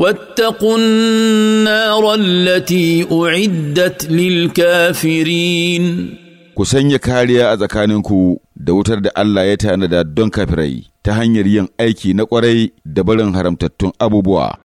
واتقوا النار التي أعدت للكافرين ku sanya kariya a tsakaninku da wutar da Allah ya tanada don kafirai ta hanyar yin aiki na ƙwarai da barin haramtattun abubuwa.